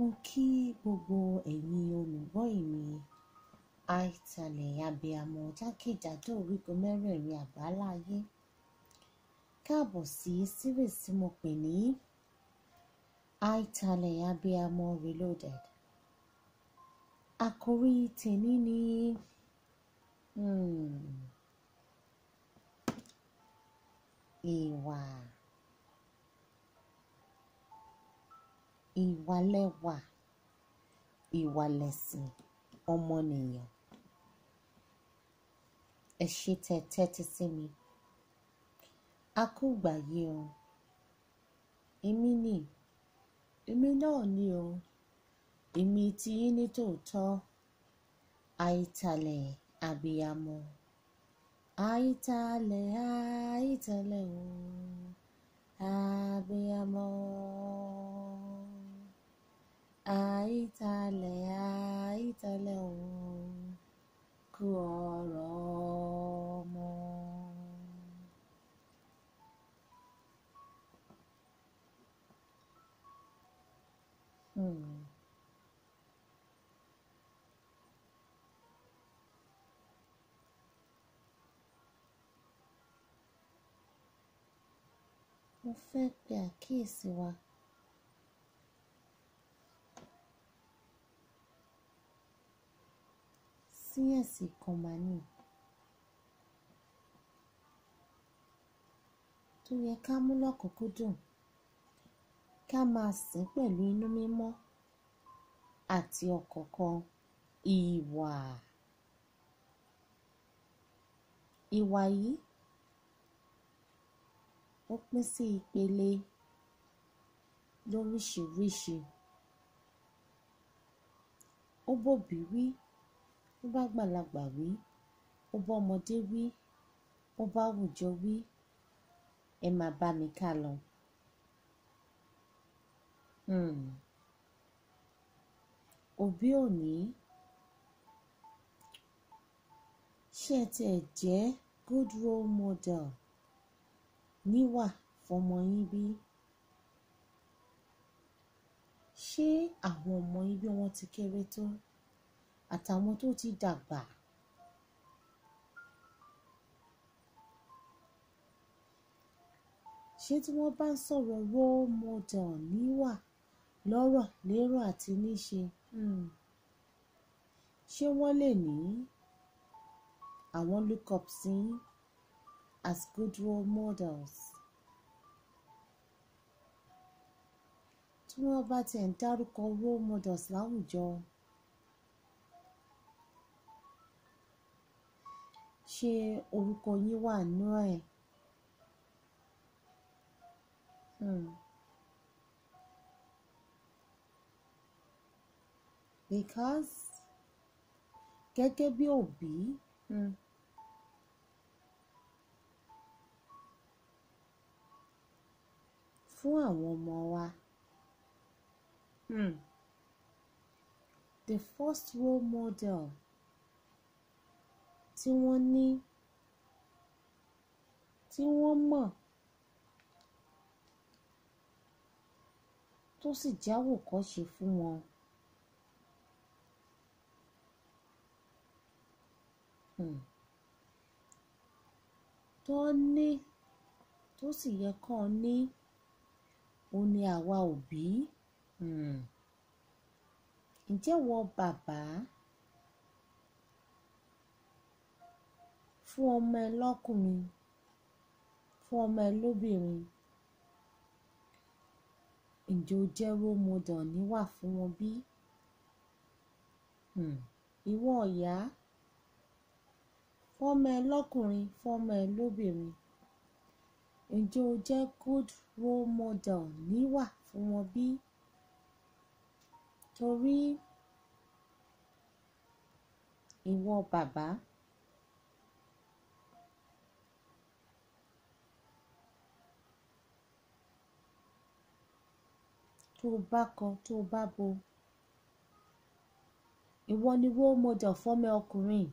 mo kí gbogbo ẹ̀yin olùgbọ́ mi àìtalẹ̀ abiyamọ jákèjádò orígun mẹ́rẹ̀ẹ̀rin àbáláyé káàbọ̀ sí series tí mo pè ní àìtalẹ̀ abiyamọ reloaded àkòrí tèmi ni hmm, ìwà. Hmm. Ìwà lẹwà, ìwà lẹ̀sìn ọmọnìyàn. Ẹ ṣé tẹ tẹ́tí sí mi. A kú ìgbà yìí o. Èmi ni, èmi náà ni o. Èmi ti yín ní tòótọ́. Àìtàlẹ̀ abiyamọ. Àìtàlẹ̀ àìtàlẹ̀ o. Abiyamọ àìtalẹ̀ àìtalẹ̀ òun kú ọ̀rọ̀ ọmọ. Hmm. mo fẹ́ pe àkíyèsí wa siyasi kọmanì tó yẹ ká mú lọ́kùnkúndùn ká máa sìn pẹ̀lú inú mímọ́ àti ọ̀kọ̀ọ̀kan ìwà. Ìwà yìí ó pín sí ìpele lóríṣiríṣi. Ó bòbí wí ó bá àgbàlagbà wí ó bọ́mọdé wí ó báwùjọ wí ẹ máa bá mi ká lọ. Hmm. òbí òní ṣé ẹ tiẹ̀ jẹ́ good role model níwà fọmọ yín bí? ṣé àwọn ọmọ yín bí wọ́n ti kéré tó? àtàwọn tó ti dàgbà. ṣé tí wọ́n bá ń sọ̀rọ̀ role model níwà lọ́rọ̀ lérò àti níṣe hmm. ṣé wọ́n lè ní àwọn look up sí as good role models tí wọ́n bá tiẹ̀ ń dárúkọ role models láwùjọ. ṣé orúkọ yín wà nínú ẹ̀? Hmm. Because gẹ́gẹ́ bí òbí um fún àwọn ọmọ wa um the first role model tí wọ́n ní, tí wọ́n mọ̀, tó sì jẹ́ àwòkọ́ṣe fún wọn. Hmm. tó ní tó sì yẹ kán ní òun ni àwa òbí. Hmm. ǹjẹ́ ìwọ bàbá fún ọmọ ẹ lọ́kùnrin fún ọmọ ẹ lóbìnrin ǹjẹ́ o jẹ́ role model níwà fún wọn bí? Hmm. ìwọ ìyá fọ́mọ ẹ lọ́kùnrin fọ́mọ ẹ lóbìnrin ǹjẹ́ o jẹ́ good role model níwà fún wọn bí? torí ìwọ bàbá tó o bá kọ tó o bá bo ìwọ ni role model fọ́mọ ọkùnrin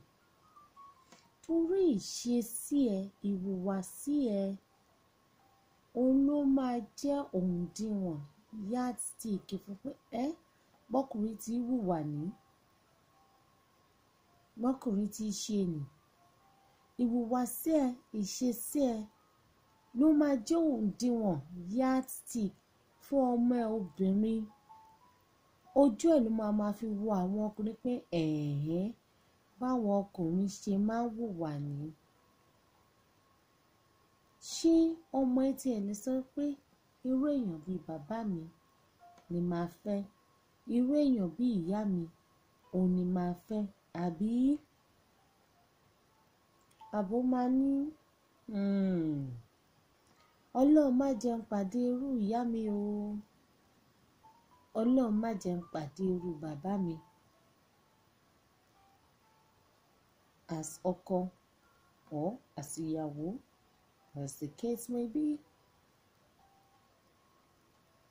torí ìṣesí ẹ ìhùwàsí ẹ òun ló máa jẹ́ òǹdíwọ̀n yardstick fún pé ẹ bọ́kùnrin ti hùwà ní bọ́kùnrin ti ṣe nì ìhùwàsí ẹ ìṣesí ẹ ló máa jẹ́ òǹdíwọ̀n yardstick fún ọmọ ẹ obìnrin ojú ẹ̀ ló máa ma fi wo àwọn ọkùnrin pé ẹ̀ẹ́ báwọn ọkùnrin ṣe máa ń hùwà ní. ṣé ọmọ ẹ tiẹ̀ lè sọ pé irú èèyàn bíi bàbá mi ni màá fẹ́ irú èèyàn bíi ìyá mi òun ni màá fẹ́ àbí àbó máa ní. Mm ọlọ́run má jẹ́ n pàdé irú ìyá mi o ọlọ́run má jẹ́ n pàdé irú bàbá mi as ọkọ or as ìyàwó as the case may be.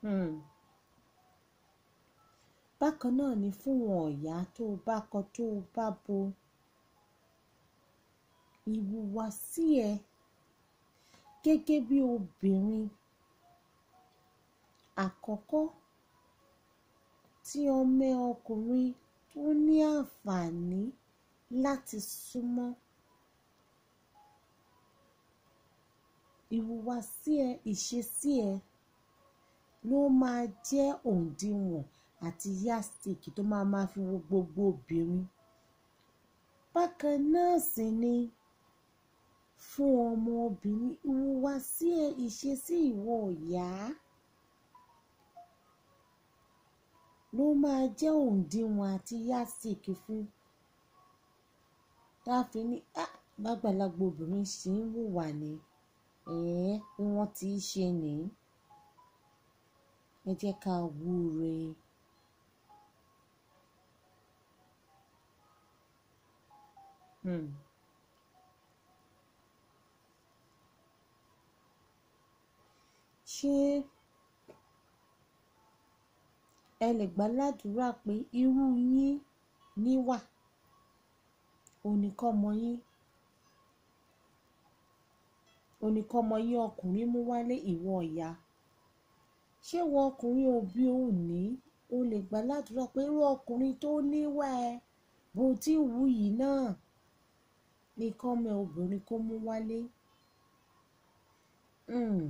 Hmm. bákan náà ni fún wọn ọ̀yá tó o bá kọ tó bá bo ìhùwàsí ẹ. E Gẹ́gẹ́ bí obìnrin, àkọ́kọ́ tí ọmọ ọkùnrin tó ní àǹfààní láti súnmọ́, ìhùwàsí ẹ, ìṣesí ẹ ló máa jẹ́ òdiwọ̀n àti yardstick tó máa ma fi wo gbogbo obìnrin. Bákan náà sì ni fún ọmọbìnrin ìwúwa sí ẹ ìṣesí ìwọ ìyá ló máa jẹ́ òǹdíwọ̀n àti yásìkì fún táfi ní ah, bàgbàlagbà obìnrin sì ń hùwà ní ẹ̀ẹ́ bí wọ́n ti ń ṣe nìyí ẹ jẹ́ ká wúre. Hmm. ṣé ẹ lè gbà pé irú yín níwà òun ni kọ́mọ yín òun ni kọ́mọ yín ọkùnrin mú wálé ìwọ ìyá ṣé ìwọ ọkùnrin òbí òun ní o lè gbà ládùúrà pé irú ọkùnrin tó níwà ẹ bó ti wù yìí náà ni kọ́mọ obìnrin kó mú wálé. Mm.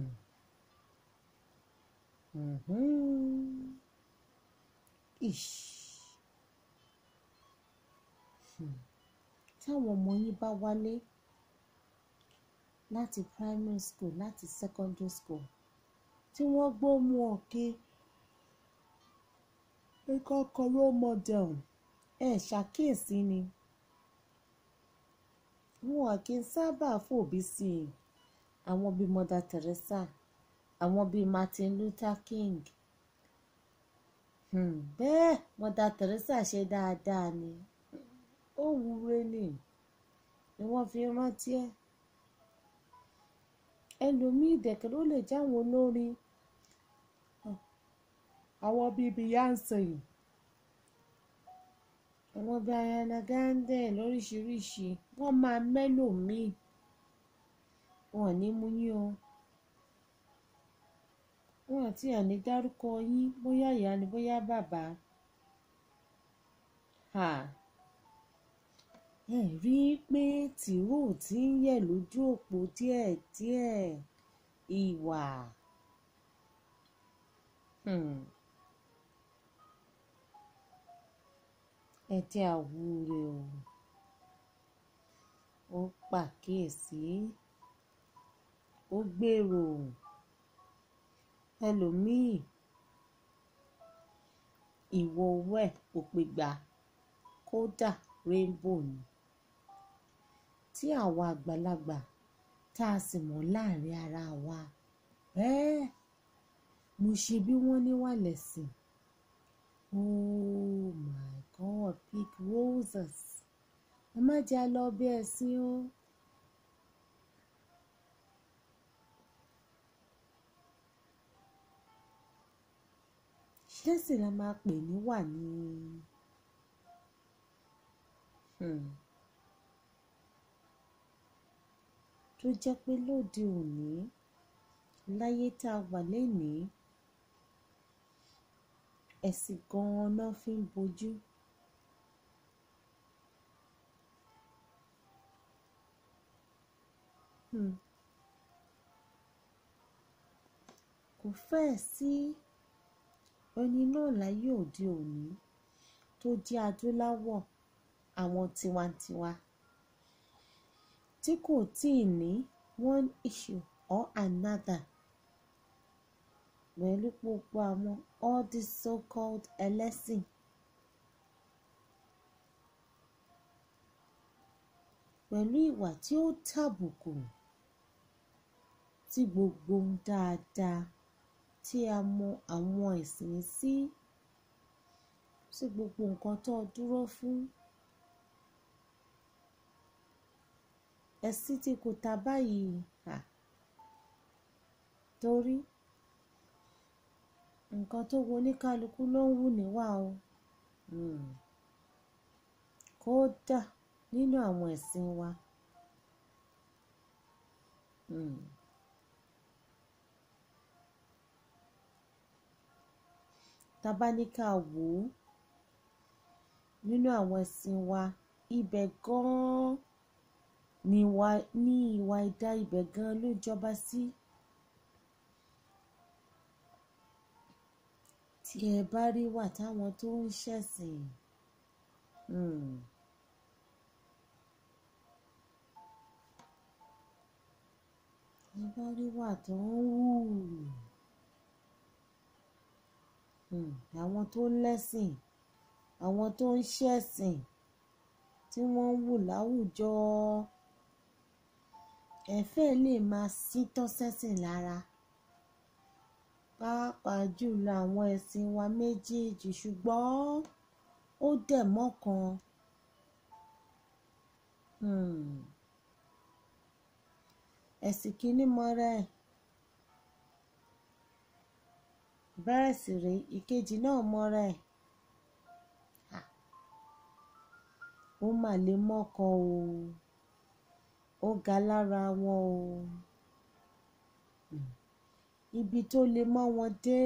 Mm-hmm. Ish. Hmm. Táwọn ọmọ yín bá wálé láti primary school láti secondary school tí wọ́n gbóhùn ọ̀kẹ́ ẹ̀kọ́ kan role model ẹ̀ ṣàkíyèsí ni wọn kì í sábà fòbí sí i àwọn bíi Mother Teresa àwọn bíi Martin Luther King um bẹ́ẹ̀ mọ́tà Teresa ṣe dáadáa ni ó wúre ni ni wọ́n fi rántí ẹ̀ ẹlòmíì dẹ̀kẹ́ ló lè jáwọn olórin àwọn bíi Beyonce àwọn bíi Ariana Grande lóríṣiríṣi wọ́n máa mẹ́lòmíì wọn ò ní mú o wọn àti àní dárúkọ yín bóyá ìyá ni bóyá bàbá ẹ rí i pé tìrú ti ń yẹ̀ lójú òpó díẹ̀díẹ̀ ìwà hmm. ẹdí àwúre o ó pàkíyèsí ó gbèrò ẹlòmíì ìwo owó ẹ̀ kò pé gbà kódà rainbow ni tí àwa àgbàlagbà tá a sì mọ̀ láàrin ara wa ẹ́ẹ́ mo ṣe bí wọ́n ní wà lẹ́sìn oh my god pick roses ẹ má jẹ́ lọ bí ẹ̀sìn o. ṣẹ́sìn la máa pè ní wà ní hmm, tó jẹ́ pé lóde òní láyé tá a wà lénìí ẹ̀sìn gan náà fi ń bojú. Hmm. kò fẹ́ẹ̀ sí. Si ẹni náà láyé òde òní tó jẹ́ adúláwọ̀ àwọn tiwantiwa tí kò tíì ní one issue or another pẹ̀lú gbogbo àwọn all this so-called ẹlẹ́sìn pẹ̀lú ìwà tí ó tàbùkù tí gbogbo ń dáadáa tí a mọ àwọn ẹ̀sìn sí sí gbogbo nǹkan tó dúró fún. ẹ̀sìn ti kù ta báyìí hà torí nǹkan tó wo oníkálukú ló ń wù níwà o hmm. kódà nínú àwọn ẹ̀sìn wa. Mm. tábáníkà wò ó nínú àwọn ẹ̀sìn wa ibẹ̀ gan-an ni ìwà ìdá ibẹ̀ gan-an ló jọba sí. tí ẹ bá rí wà táwọn tó ń ṣẹ̀sìn hmm. ẹ bá rí wà tó ń wù. Hmm, àwọn tó lẹ́sìn àwọn tó ń ṣẹ̀sìn tí wọ́n ń wù láwùjọ ẹ̀fẹ́ lè máa sí tọ́sẹ̀sìn lára pàápàá jùlọ àwọn ẹ̀sìn wa méjèèjì ṣùgbọ́n ó dẹ̀ mọ́kan. Hmm. ẹ̀sìn kìíní mọ́ra ẹ̀ bẹ́ẹ̀ sì rèé ìkejì náà mọ́ra ẹ̀ ó mà lè mọ́kọ o ó ga lára wọn o ibi tó lè mọ́ wọn dé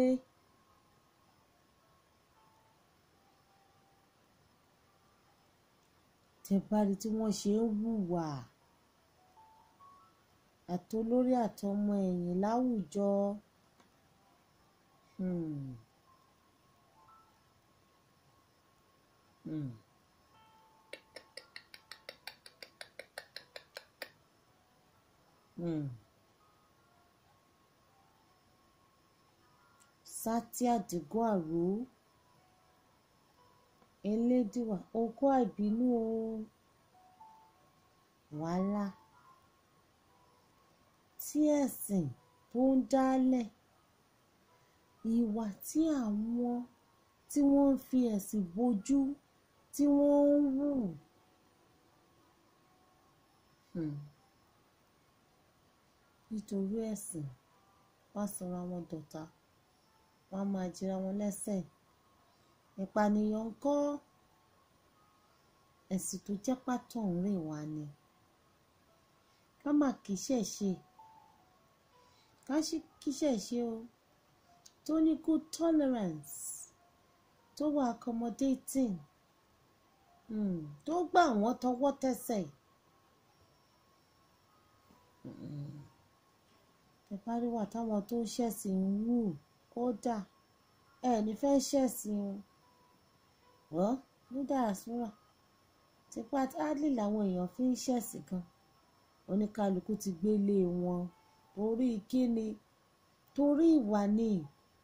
tẹ́ bá rí tí wọ́n ṣe ń hùwà àtolórí àtọmọ ẹ̀yìn láwùjọ um um um Satia de Gwaru Elédùà ògo àìbínú o wàhálà tí ẹ̀sìn tó ń dálẹ̀ ìwà tí àwọn tí wọ́n ń fi ẹ̀sìn bojú tí wọ́n ń hù. Hmm. Nítorí ẹ̀sìn, wọ́n á sọra wọn dọ̀tá, wọ́n á máa jẹra wọn lẹ́sẹ̀. Ìpànìyàn ńkọ́ ẹ̀sìn tó jẹ́ pátọ̀húnrìn wa ni. Ká má kìí ṣẹ̀ṣe, ká kìí ṣẹ̀ṣe o tó ní good tolerance tó wà accommodating um, tó gbà wọ́n tọwọ́ tẹsẹ̀ ìpariwo hmm. àtàwọn tó ṣẹ̀sìn ń wù kódà ẹni fẹ́ ṣẹ̀sìn wọ́n nídà àsúrà tipa adley làwọn èèyàn fi ń ṣẹ̀sìn kan oníkálukú ti gbélé wọn orí kíni torí ìwà ni. Torí ìwà ni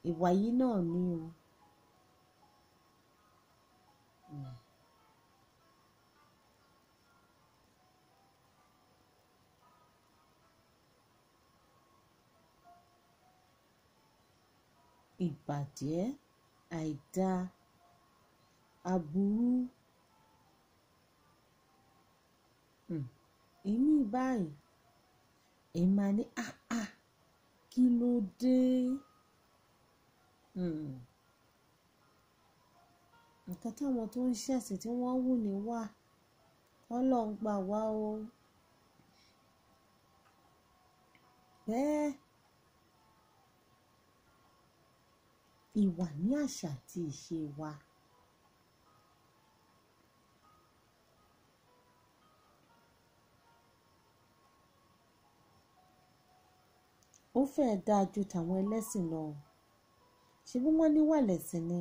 ìwà yìí náà ni o. ìbàjẹ́ àìda aburú èmi hmm. báyìí èmi máa ní áá ah, ah, kí ló dé. Hmm. nǹkan táwọn tó ń ṣẹ̀sìn tí wọ́n wù ní wà ọlọ́run gbà wá o bẹ́ẹ̀ ìwà ní àṣà àti ìṣe wa. ó fẹ́ẹ̀ dáa ju tàwọn ẹlẹ́sìn lọ ṣebí wọ́n níwà lẹ̀sìn ni.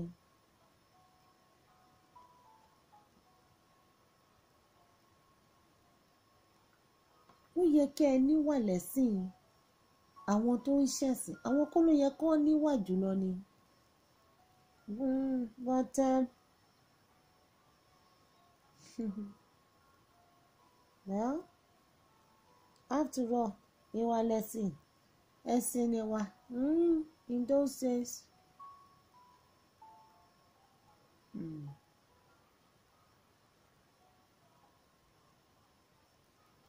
ó yẹ kẹ́ ẹ níwà lẹ́sìn àwọn tó ń ṣẹ̀sìn àwọn kọ́ ló yẹ kọ́ níwà jùlọ ni. bọ́tẹ́ hmm, well after all ìwà lẹ́sìn ẹ̀sìn ni wa hmm, in those days. Mm.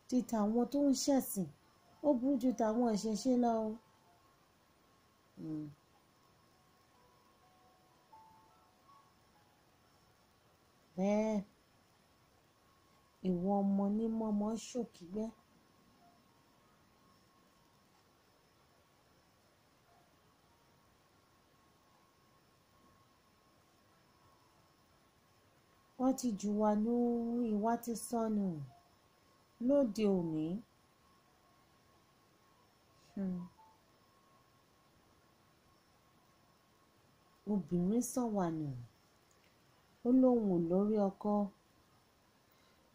ti tàwọn tó ń ṣẹ̀sìn ó burú ju tàwọn ìṣẹ̀ṣe lọ o. Hmm. bẹ́ẹ̀ ìwọ ọmọ ní mọ́mọ́ ṣòkígbẹ́. wọ́n ti jù wá ní ìwà ti sọnù lóde òní. Hmm. obìnrin sàn wà nù ó lóun ò lórí ọkọ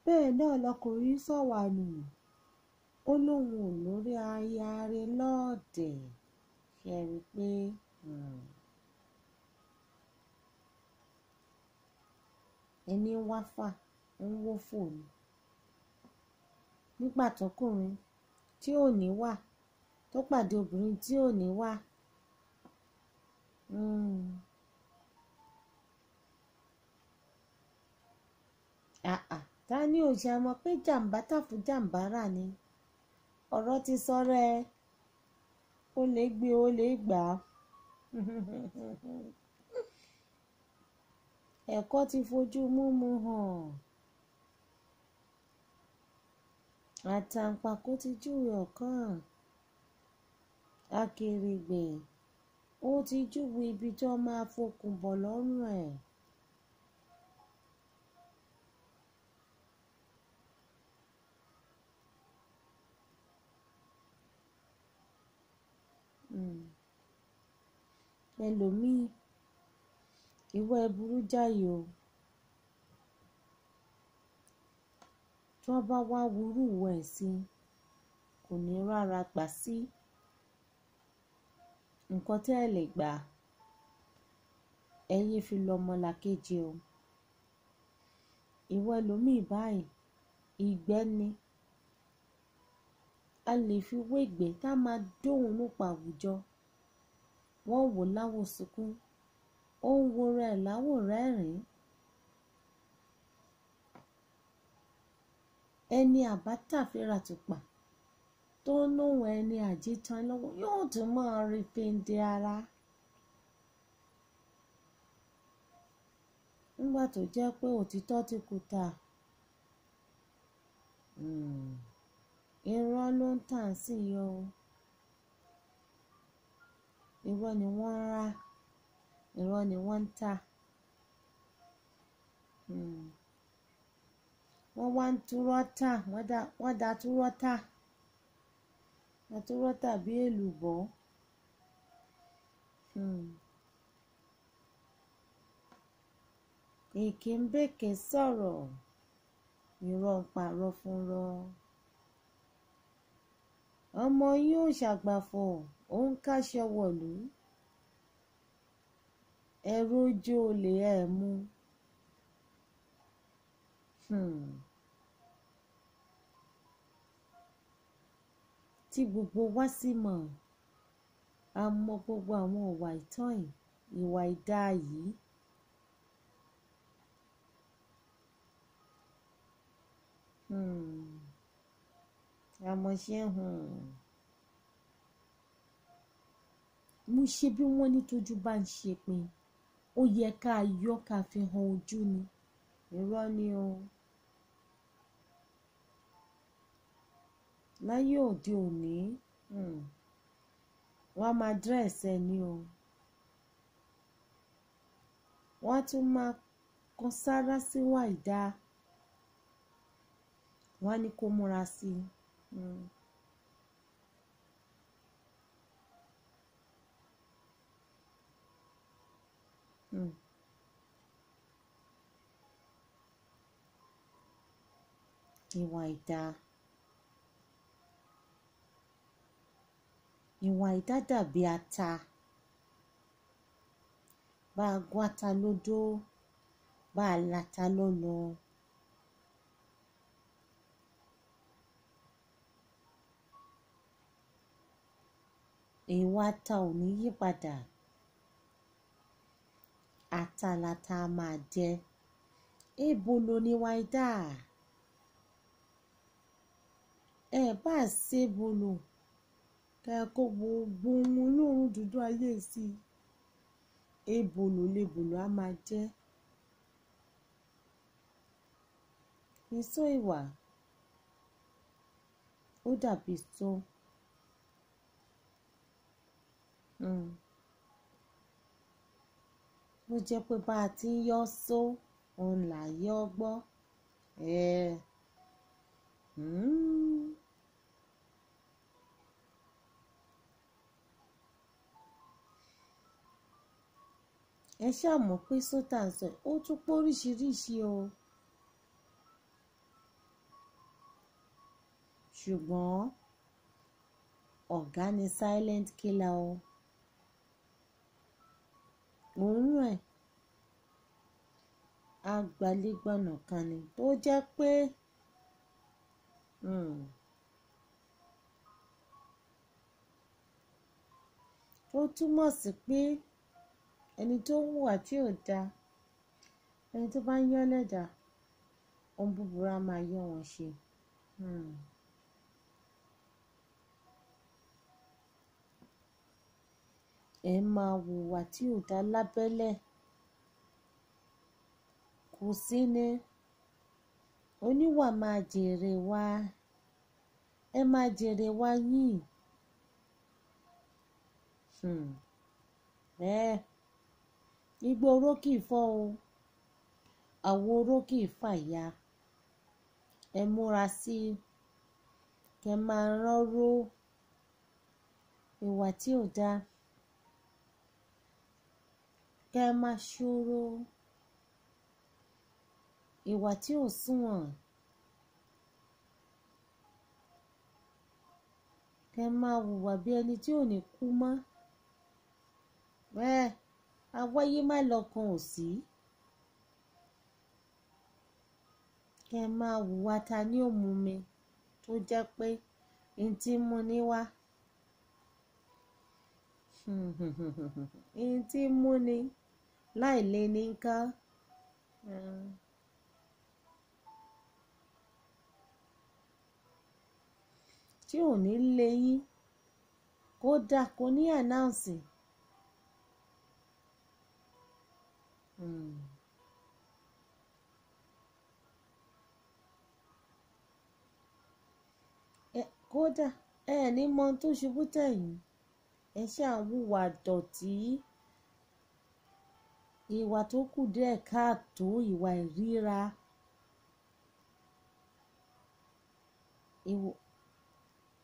bẹ́ẹ̀ náà lọkùnrin sàn wà nù ó lóun ò lórí aya rẹ̀ lọ́ọ̀dẹ̀ ṣe rí i pé. Hmm. ẹni ń wáfà ń wófò ni nígbà tọkùnrin tí ò ní wà tó pàdé obìnrin tí ò ní wà hmm, àà ta ni ò ṣe mọ̀ pé jàǹbá tàfú jàǹbá rà ni ọ̀rọ̀ ti sọ́rẹ́ ó lè gbé ó lè gbà á. ẹ̀kọ́ ti fojú múmu hàn àtàǹpàkò ti júwe ọ̀kan akèrègbè ó ti júwe ibi tó máa fokùn bọ̀ lọ́rùn ẹ̀. Hmm. ẹlòmíì ìwà ẹ̀ burú jáì o. Tí wọ́n bá wá hu irú ìwà ẹ̀ sí i, kò ní rára gbà sí nǹkan tẹ́ ẹ̀ lè gbà, ẹ yé fi lu ọmọlàkejì o. Ìwà ẹlòmíì báyìí, ìgbẹ́ ni. A lè fi wé ìgbẹ́ tá a máa dóhùn nípa àwùjọ, wọ́n wò ó láwòsùnkún, ó ń wora ẹ̀ láwòrẹ́rìn-ín. ẹni àbáta tùpà tó ń lóhùn ẹni àjítan lọ́wọ́ yóò tún máa rí péńdé ara. nígbà tó jẹ́ pé òtítọ́ ti kùtà hmm, irọ́ ló ń tàn sí i o irọ́ ni wọ́n ń rà. irọ́ ni wọ́n ń tà hmm. wọ́n wá ń turọ́ tà wọ́n da turọ́ tà wọ́n turọ́ tà bí èlùbọ́ èké ń bèké sọ̀rọ̀ irọ́ ń parọ́ fúnrọ́ ọmọ yín ò ṣàgbàfọ̀ òun káṣọ wọ̀lú ẹ rójú olè ẹ mú um tí gbogbo wa sì mọ̀ a mọ gbogbo àwọn ìwà ìtàn ìwà ìdá yìí. àmọ̀ṣe hmm. hmm. mo ṣe bí wọ́n ní tójú bá ń ṣe pin ó yẹ ká yọ ká fi han ojú ni irọ́ ni o. láyé òde òní hmm, wọ́n máa dírẹ̀sì ẹ o wọ́n tún máa kan sára síwá ìdá wọ́n á ní kó múra sí i. Mm. Mm. Ìwà ìdá. Ìwà ìdá dàbí ata. Bá a gún ata lódó, bá a lata lọ́lọ. Ìwà ata ò ní yípadà atalata máa jẹ́ ebo lo níwà ìdá ẹ bá ṣèbo lò kẹ kó gbogbo ohun olóòórùn dúdú ayé sí i ebo lò lebo lò á máa jẹ́ èso ìwà ó dàbí sọ. Mm ló jẹ́ pé bá a ti ń yọ́ só òun là yọ́ gbọ́ ẹ̀ hmm. ẹ ṣáà mọ̀ pé sótà ń sọ ó tún pọ̀ o ṣùgbọ́n ọ̀gá ni silent killer o mò ń rún ẹ̀ agbálégbọ̀nà kan ni tó jẹ́ pé hmm, ó túmọ̀ sí pé ẹni tó ń hùwà tí ò da ẹni tó bá ń yán lẹ́dàá ohun búburú á máa yán wọn ṣe. Hmm. ẹ máa hùwà tí ò labele lábẹ́lẹ̀ si ni oníwà máa jèrè wa ẹ máa jèrè wa yín um bẹ́ẹ̀ igbó oró kì í fọ́ o àwo oró kì í fàya ẹ múra sí i kẹ́ máa ìwà tí ò dáa. kẹ́ ẹ máa ṣòro ìwà tí ò sunwọ̀n kẹ́ ẹ máa hùwà bí ẹni tí ò ní kú mọ́ ẹ awáyé má lọ́kàn ò sí kẹ́ ẹ máa ta ni ò mú mi tó jẹ́ pé n tí mú ni wá. ihun tí ń múni láì lè ní ká tí ò ní lè yín kódà kò ní ànáùnsì. Hmm. kódà ẹ ní mọ tó ṣubú tẹ̀yìn ẹ ṣáà ń hùwà dọ̀tí ìwà tó kù díẹ̀ káàtó ìwà ìríra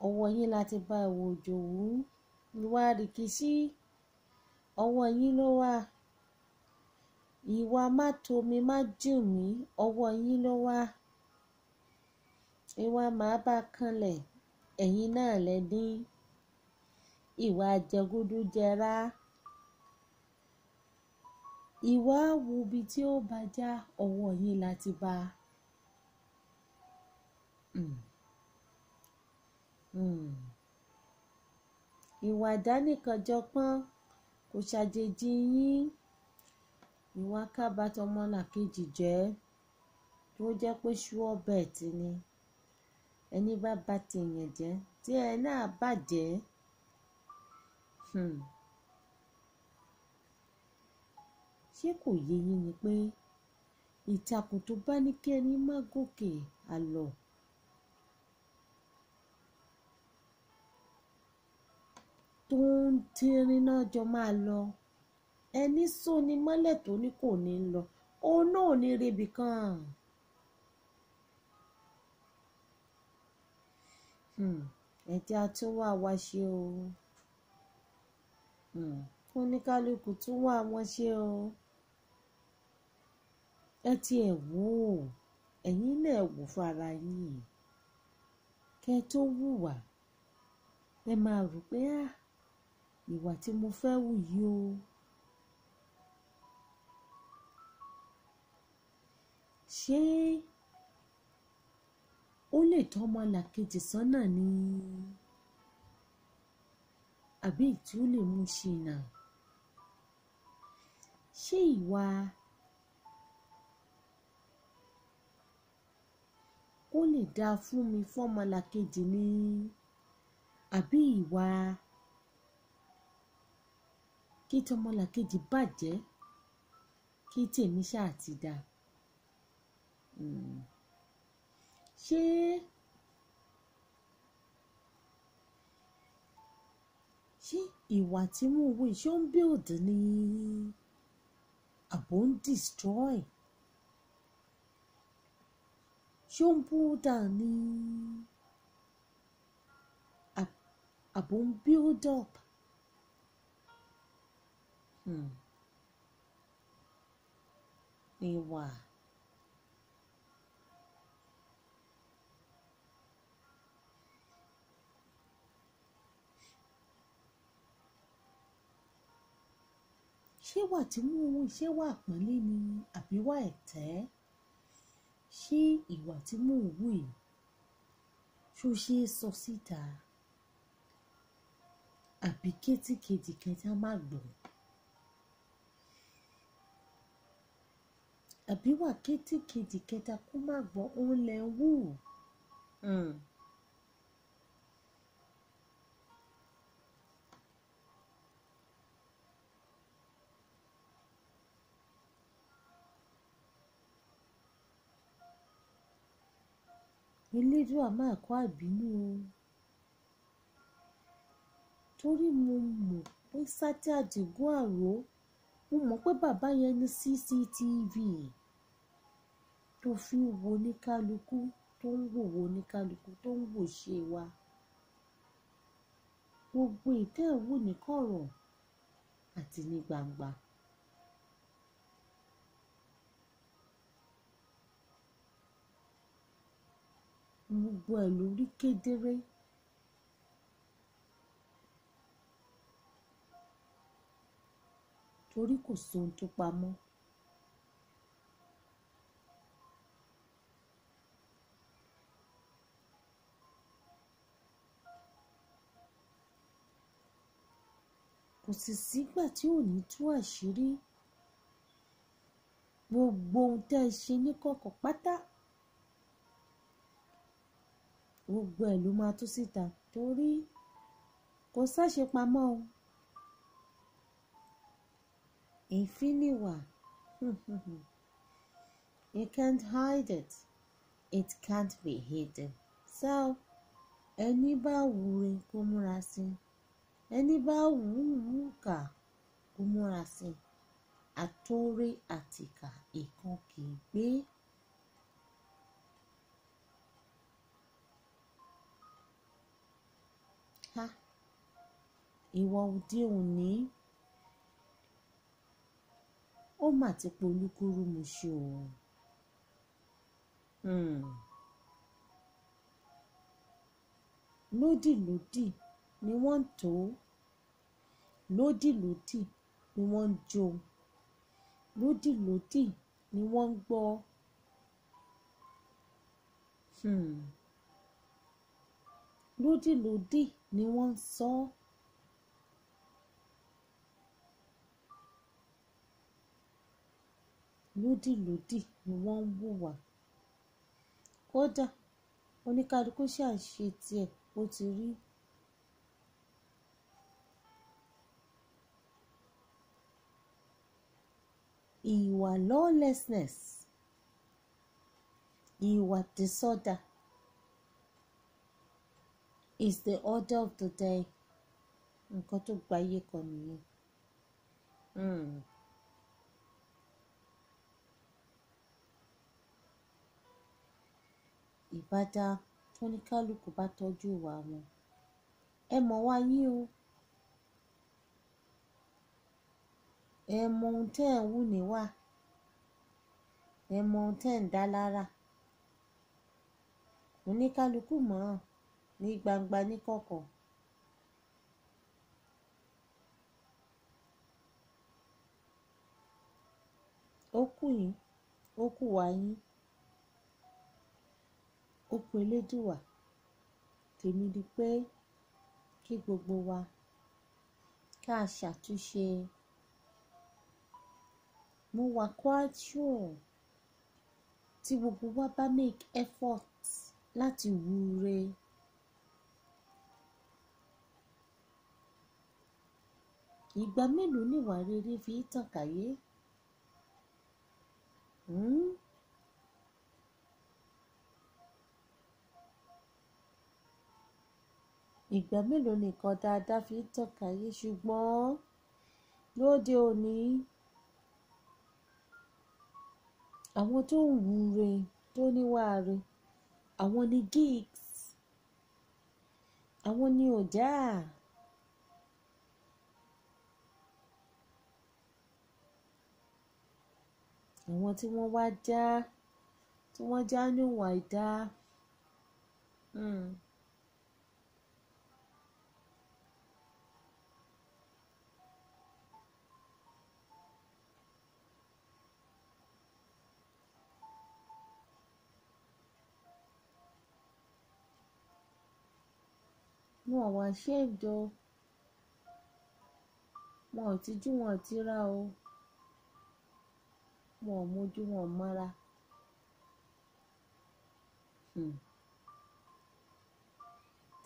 ọwọ́ yín láti bá ìwò òjòwú ìwà rìkíṣí ọwọ́ yín ló wà ìwà má tomi má jù mí ọwọ́ yín ló wà ìwà màá bá kanlẹ̀ ẹ̀yin náà lẹ́dín ìwà jẹgúdújẹrá ìwà wo ibi tí ó bá já ọwọ́ yín láti bá um hmm. um hmm. ìwà àdánìkanjọpọ́n kò ṣàjèjì yín ìwà ká ba tọmọlàkejì jẹ́ tó jẹ́ pé ṣúọ́ bẹ́ẹ̀ ti ni ẹni bá ba tèèyàn jẹ́ tí ẹ náà bàjẹ́ hmm ṣé kò yé yín ni pé ìtàkùn tó bá ní kí ẹni má gòkè àlọ tó ń tirin náà jọ máa lọ ẹni ni mọ́lẹ̀ tó ní kò ní lọ òun náà ní rebi kan. Hmm. ẹ jẹ́ tún wá wa ṣe o wọn tún wà wọn o ẹ tiẹ̀ wò ó ẹ̀yin náà wò fara yín kẹ́ tó hùwà ẹ máa rò pé à ìwà tí mo fẹ́ wù yìí o ṣé ó lè tọ́ ọmọ làkejì sọ́nà ni. Ṣé, a big tule mushina ṣé ìwà ó lè dáa fún mi fọ́mọlàkejì ni àbí ìwà kí tọmọlàkejì bàjẹ́ kí tèmi ṣáà ti dáa hmm. ṣé. Mm. ìwà tí mò ń wù ṣé ń build ni àbò ń destroy ṣé ó ń build down ni àbò ń build up. Hmm. Ìwà. E ṣé wà tí mú òun ṣé wà pọ́nlé ni àbí wà ẹ̀tẹ́ ṣé ìwà tí mò ń wù yìí ṣó ṣe é sọ síta àbí kétíkétí kan má gbọ́ àbí wà kétíkétí kẹta kó má gbọ́ òun lẹ wù. Mm. elédùà máa kó àbínú o torí mo mọ̀ pé Sàtì Àdìgún Àrò mo mọ̀ pé bàbá yẹn ní CCTV tó fi ń wo oníkálukú tó ń wò wo oníkálukú tó ń wò ṣe wa gbogbo ìtẹ́ ìwò àti ní gbangba. gbogbo ẹ̀ ló rí kedere. torí kò sóhun tó pamọ́. kò sì sígbà tí ò ní tú àṣírí gbogbo ohun tẹ́ ẹ ṣe níkọ̀kọ̀ pátá gbogbo ẹ̀ ló máa tú síta torí kò sáṣe pamọ́ o ìfín you can't hide it it can't be hidden so ẹni bá wù ú kó múra sí ẹni bá wù ú kà kó múra sí àtòrí àtìkà ìkan gbé. ìwà òde òní ó mà ti polúkúrúmuṣu o um lódìlódì ni wọ́n ń tò lódìlódì ni wọ́n ń jó lódìlódì ni wọ́n ń gbọ́ um lódìlódì ni wọ́n ń sọ ọ́. lódìlódì ni wọ́n ń hùwà kódà oníkálukú ṣàṣe tiẹ̀ bó ti rí ìwà lawlessness ìwà disorder is the order of the day nǹkan tó gbayé kan nìyẹn. Mm. ìbá dáa tóníkálùkù bá tọ́jú ìwà wọn. Ẹ mọ̀wá yín o, ẹ mọ ohun tẹ́ ẹ̀ ń hù níwà, ẹ mọ ohun tẹ́ ẹ̀ ń dá lára. Oníkálukú mọ̀ ní gbangba níkọ̀kọ̀. Ó kù yín, ó kù wa yín òpó elédùà tèmi di pé kí gbogbo wa ká ṣàtúnṣe mo wà quite sure tí gbogbo wa bá make effort láti wúre ìgbà mélòó ni ìwà rere fi tàn káyé? Hmm? ìgbà mélòó ni nǹkan dáadáa fi ń tàn káyé ṣùgbọ́n lóde òní àwọn tó ń wù re tó níwà re àwọn ni geeks àwọn ni ọ̀já àwọn tí wọ́n wá já tí wọ́n já níwà ìdá. Mm. wọn wá ashamed o wọn ò tijú wọn ò tira o wọn ò mójú wọn ò mọ́ra. Hmm.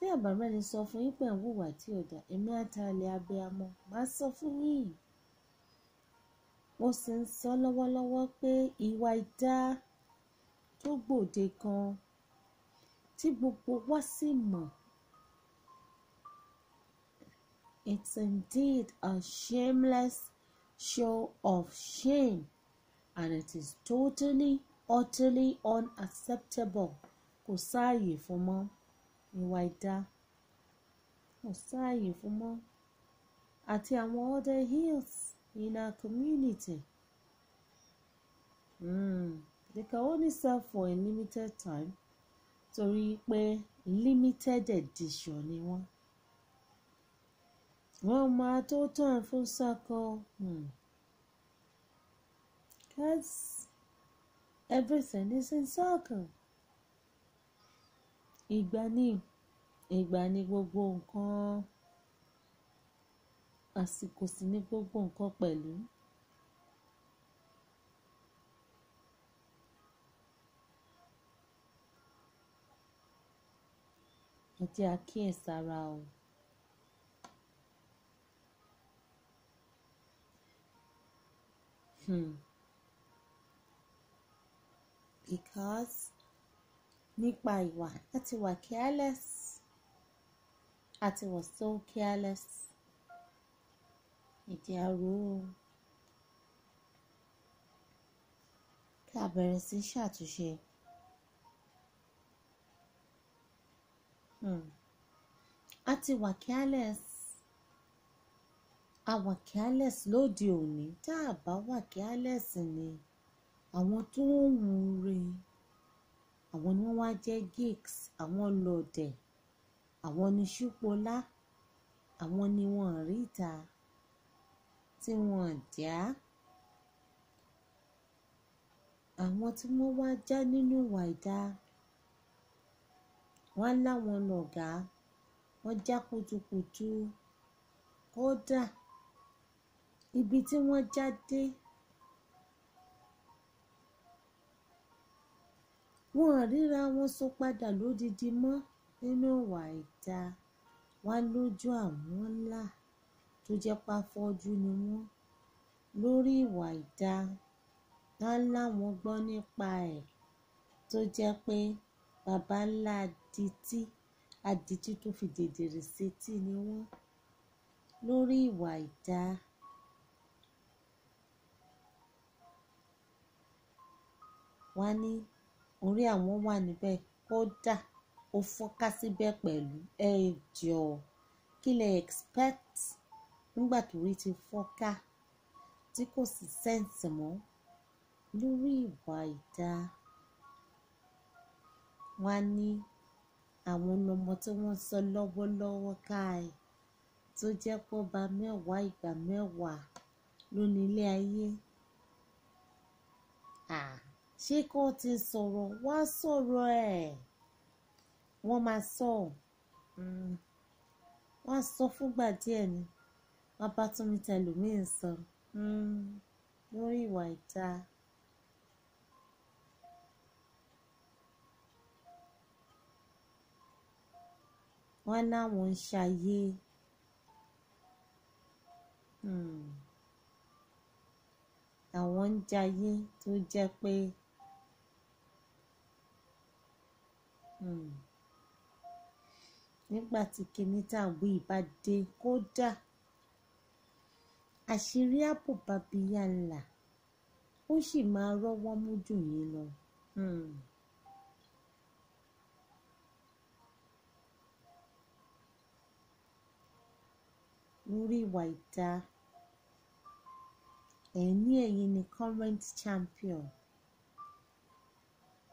tí àbámẹ́ni sọ fún yín pé ń hùwà tí ò èmi àtàlẹ́ abiyamọ máa sọ fún yín mo sì ń sọ lọ́wọ́lọ́wọ́ pé ìwà ìdá tó gbòde gan tí gbogbo wa sì mọ̀ It's indeed a shameless show of shame and it is totally, utterly unacceptable. Kò sáàyè fún mọ́ ìwà ìdá. Kò sáàyè fún mọ́ àti àwọn other hills in our community. Mm. They can only serve for a limited time torí pé limited edition ni wọ́n wọn máa tó tàn fún circle um cause everything is in circle ìgbà ni ìgbà ni gbogbo nǹkan àsìkò sì ni gbogbo nǹkan pẹ̀lú. ẹ jẹ́ àkíyèsára o. Hmm. because nípa ìwà láti wà careless àti wà so careless ìdí àrò ká bẹ̀rẹ̀ sí ṣàtúnṣe. Hmm. àti wà careless àwa careless lóde òní tá a bá wà careless ni àwọn tó ń wù ú re àwọn ni wọ́n wá jẹ́ geeks àwọn lọ́dẹ̀ àwọn ni ṣúpọlá àwọn ni wọ́n ríta tí wọ́n dá àwọn tí wọ́n wá já nínú ìwà ìdá wọ́n láwọn lọ̀gá wọ́n já kutukutu kódà ibi tí wọ́n já dé wọn ríra wọn so padà lódidi mọ́ nínú ìwà ìta wá lójú àwọn ńlá tó jẹ́ páfọ́jú ni wọ́n lórí ìwà ìta wọn láwọn gbọ́ nípa ẹ̀ tó jẹ́ pé baba ńlá adití adití tó fi dèdèrè sétí ni wọ́n lórí ìwà ìta. wọ́n á ní orí àwọn wà níbẹ̀ kódà ó fọ́nká síbẹ̀ pẹ̀lú ẹ jọ kí lẹ expect nígbà tó rí ti fọ́nká tí kò sí sẹ́ǹsì mọ́ lórí ìwà ìdá wọ́n á ní àwọn ọmọ tí wọ́n ń sọ lọ́wọ́lọ́wọ́ káàí tó jẹ́ pé ọba mẹ́wàá ìgbà mẹ́wàá ló ní ilé ayé. Ah ṣé kó ti sọ̀rọ̀ wá sọ̀rọ̀ ẹ̀ wọ́n máa sọ mm. wọ́n á sọ fúngbà díẹ̀ ni wọ́n bá tún níta ẹlòmíín sọ mm. lórí ìwà ìta. wọ́n láwọn ń ṣayé. Hmm. àwọn ń jayé tó jẹ́ pé. Hmm. nígbà tí kinní tá à ń wí bá dé kódà àṣírí àpò bàbí yá ńlá ó sì máa rọ́wọ́ mú yín lọ. Hmm. lórí ìwà ìta ẹ̀yin ní ẹ̀yin ni current champion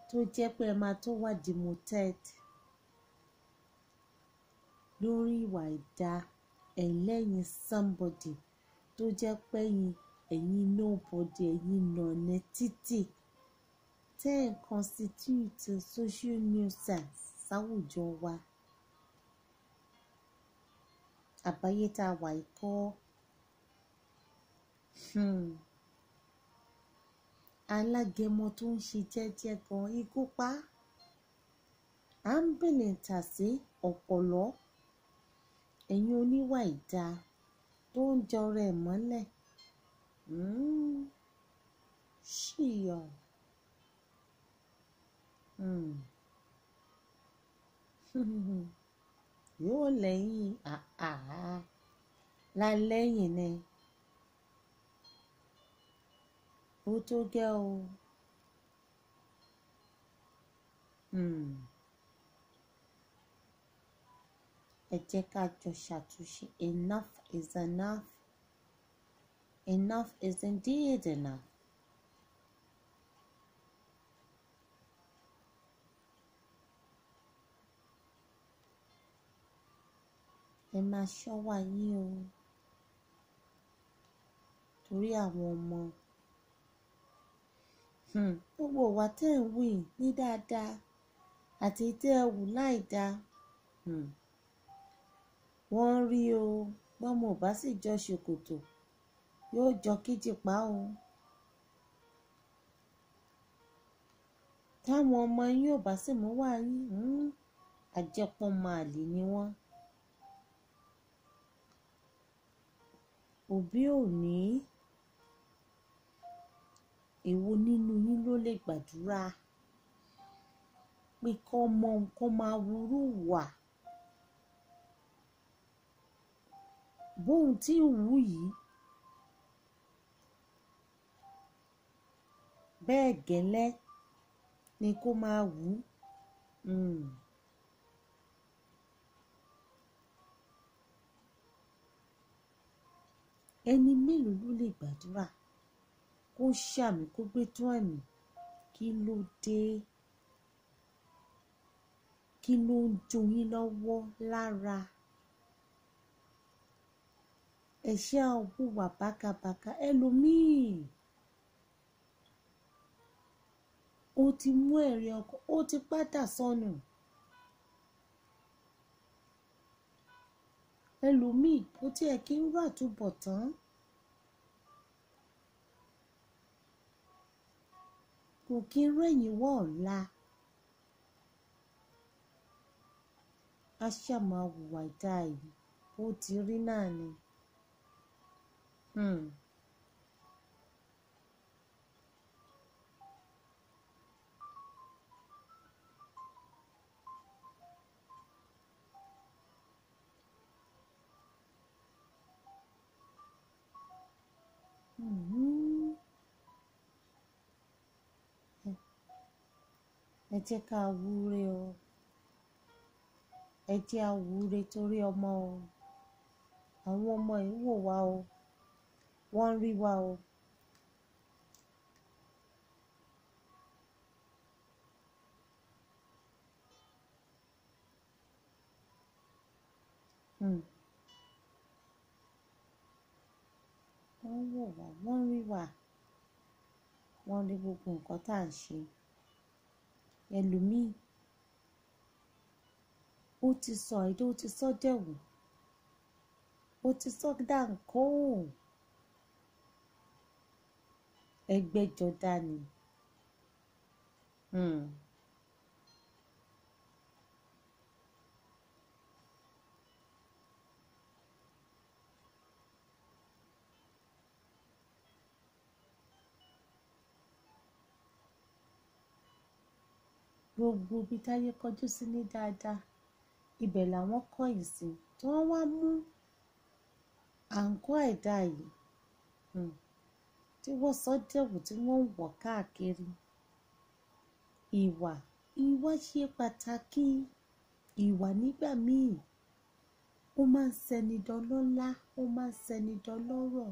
tó jẹ́ pé ẹ máa tó wà demoted lórí ìwà ìdá ẹ̀lẹ́yìn somebody tó jẹ́ pé ẹ̀yin ẹ̀yin nobody ẹ̀yin nọ̀nẹ́ títì tẹ́ ẹ̀ constitute social nuisance sáwùjọ wa àbáyé tá a wà ikọ́. Hmm alágẹmọ tó ń ṣe jẹ́jẹ́ gan ikú pa á à ń bìlìntà sí ọ̀pọ̀lọ́ ẹ̀yin oníwà ìdá tó ń jọra ẹ̀ mọ́lẹ̀ hmm, ṣìyọ̀ hmm. yóò lẹ́yìn àá lálẹ́yìn ni. ó tó gẹ́ o um ẹ jẹ́ ká jọ ṣàtúnṣe enough is enough enough is indeed enough. ẹ máa ṣọ́wà yín o torí àwọn ọmọ Mm. gbogbo ìwà tẹ́ ẹ̀ ń wù yìí ní dáadáa àti tẹ́ ẹ wù láì dáa mm. wọ́n ń rí o bọ́mọ ò bá sì jọ ṣòkòtò yóò jọ kíjìpá o. táwọn ọmọ yín ò bá sì mú wá yín hmm, àjẹpọ̀ màálì ni wọ́n. òbí ò ní èwo nínú yín ló lè gbàdúrà pé kọ́ mọ nǹkan máa wúrú wà bóun tí ń wú yìí bẹ́ẹ̀ gẹ́lẹ́ ni kó máa wú hmm. ẹni mélòó ló lè gbàdúrà kó ṣàmì kó gbé tó àmì kí ló dé kí ló ń dun yín lọ́wọ́ lára ẹ̀ṣẹ́ àwùwà bákabàka ẹlòmíì ó ti mú ẹ̀rí ọkọ̀ o ti pátá sọnù ẹlòmíì ó tiẹ̀ kí ń rà túbọ̀ tán. kò kí ń rẹ̀yìn wọ́ ọ̀la a ṣáà máa hùwà ìta yìí ó ti rí náà ni. Hmm. Mm-hmm. ẹ jẹ́ ká wúre o ẹ jẹ́ á wúre torí ọmọ o àwọn ọmọ yìí wò wá o wọ́n ń rí wa o. Hmm. wọ́n wò wá wọ́n rí wa wọ́n rí gbogbo nǹkan tá à ń ṣe ẹlòmíì ó ti sọ àìdá ó ti sọ dẹ̀wò ó ti sọ dá nǹkan ò ẹgbẹ́jọ dání. Hmm. gbogbo ibi táyé kọjú sí ní dáadáa ibẹ̀ làwọn kọ̀yìn sí tí wọ́n wá mú àǹkó àìdáa yìí tí wọ́n sọ dẹ̀wù tí wọ́n ń wọ̀ káàkiri ìwà ìwà ṣe pàtàkì ìwà nígbà míì ó máa ń sẹni dọlọ́lá ó máa ń sẹni dọlọ́rọ̀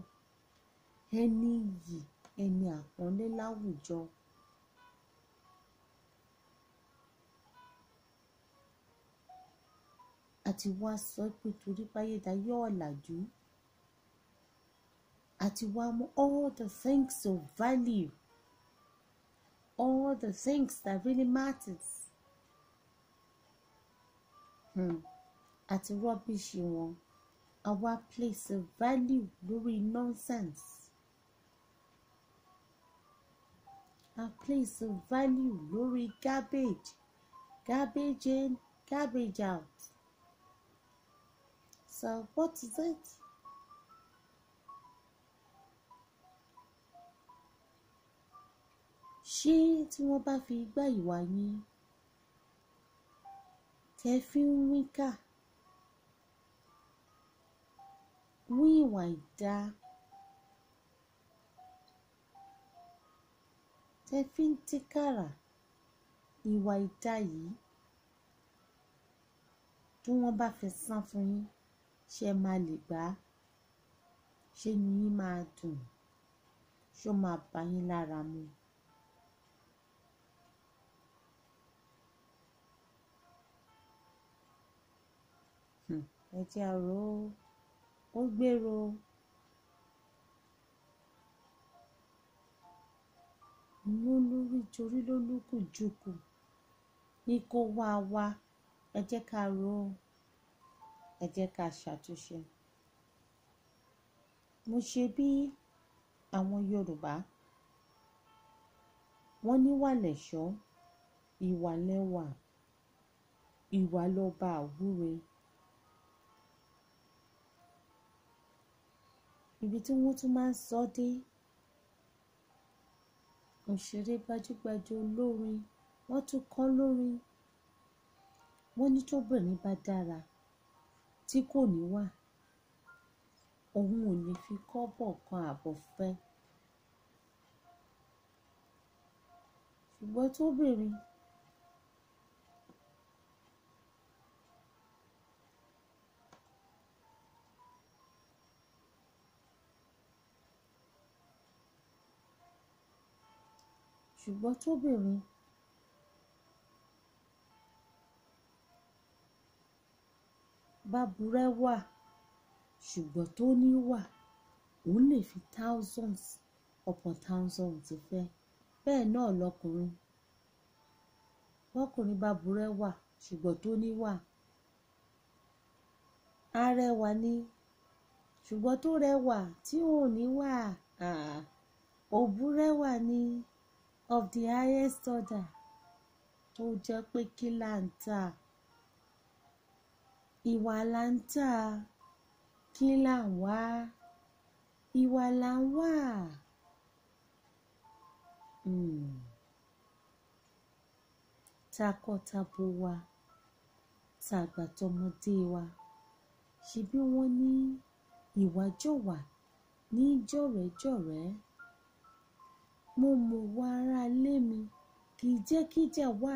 ẹni iyì ẹni àpọ́nlé láwùjọ. àti wá sọ pé torí báyé dayé ọ̀làjú àti wá mú all the things of value all the things that really matters hmm. àti rubbish wọn àwa place of value lórí nonsense a place of value lórí garbage garbage in garbage out So what is it? ṣé tí wọ́n bá fi gbá ìwà yín tẹ́ fi ń wín kà wín ìwà ìdá tẹ́ fi ń tíkàrà ìwà ìdá yìí tí wọ́n bá fi san fún yín ṣé ẹ máa lè gbà á ṣé inú yín máa dùn ṣó máa bá yín lára mu. Hmm, ẹ jẹ́ àrò ó gbèrò. lólórí torí lólókù jùkù ní kó wá wá ẹ jẹ́ ẹ jẹ́ ká ṣàtúnṣe. mo ṣe bí àwọn Yorùbá wọ́n níwà lẹ̀ṣọ́ ìwà lẹwà ìwà lọba àwúre. ibi tí wọ́n tún máa ń sọ dé òṣèré gbajúgbajà olórin wọ́n tún kọ́ lórin wọ́n ní tóbìnrin bá dára tí kò ní wà òun ò ní fi kọ́bọ̀ kan àbọ̀ fẹ́ ṣùgbọ́n tóbìnrin ṣùgbọ́n tóbìnrin bá búrẹ́wà ṣùgbọ́n tó níwà òun lè fi thousands upon thousands fẹ́ bẹ́ẹ̀ náà lọkùnrin bọ́kùnrin bá búrẹ́wà ṣùgbọ́n tó níwà arẹwà ni ṣùgbọ́n tó rẹwà tí ò níwà òbúrẹ́wà ni of the highest order tó jẹ́ pé kí là Ìwà là ń tà, kí là ń wá? Ìwà là ń wà. um hmm. Takọtabo wa, tàgbà tọmọdé wa, ṣebí wọ́n ní ìwà jọ̀wà ní í jọ̀rẹ́jọ̀rẹ́. Mo mọ̀wà aráalé mi, kìí jẹ́ kíjà wà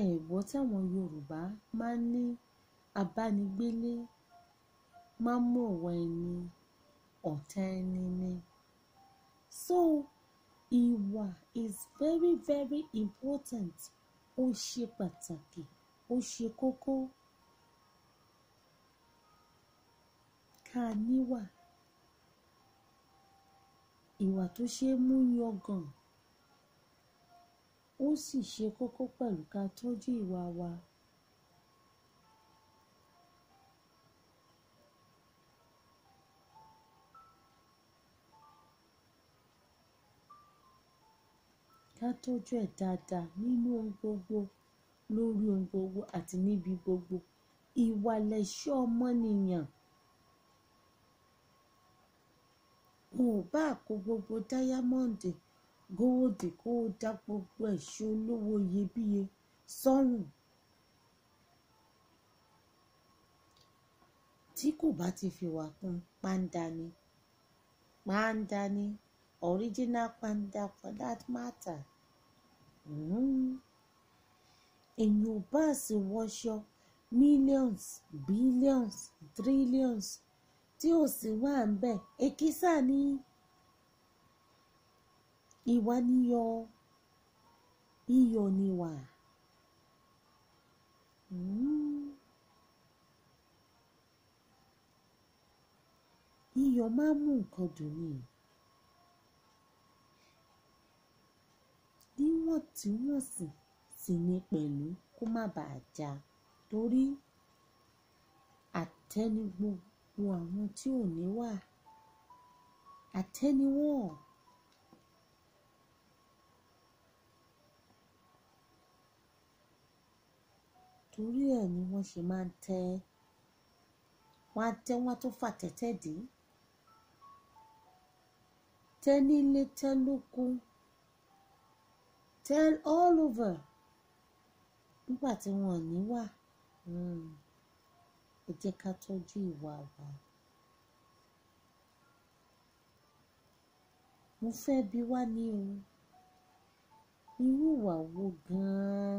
ẹ̀ẹ̀wọ́ táwọn Yorùbá máa ń ní abánigbélé máa ń mọ̀wọ̀ ẹni ọ̀tá ẹni ni. So ìwà is very very important ó ṣe pàtàkì ó ṣe kókó. Ká níwà, ìwà tó ṣe é mú yangàn ó sì ṣe kókó pẹ̀lú ká tọ́jú ìwà wa. ká tọ́jú ẹ̀ dáadáa nínú ohun gbogbo lórí ohun gbogbo àti níbi gbogbo ìwà ọmọnìyàn wọn ò bá kó gbogbo dáyámọ́ǹdì gold kó o dá gbogbo ẹ̀ṣọ́ olówó iyebíye sọ́rùn tí kò bá ti fi wà kún pàǹdà ni pàǹdà ni original pàǹdà for that matter hmm. èèyàn ò bá sì wọṣọ millions billions trillions tí ò sì wà ń bẹ̀ èkísà ni ìwà níyọ iyọ̀ níwà hmm. iyọ̀ máa ń mú nǹkan dùn ni níwọ̀ntúnwọ̀nsì sì ni pẹ̀lú kó má bàa já torí àtẹ́ àwọn tí ò níwà àtẹ́ ni torí ẹ̀ ni wọ́n ṣe máa ń tẹ́ wọ́n á tẹ́ wọ́n á tún fà tẹ́tẹ́ dé tẹ́ nílé tẹ́ lóko tẹ́ all over nígbà tí wọ́n ní wà hmm, ẹ jẹ́ ká tọ́jú ìwà wa. mo fẹ́ bi wá ní o irú ìwà wo gan-an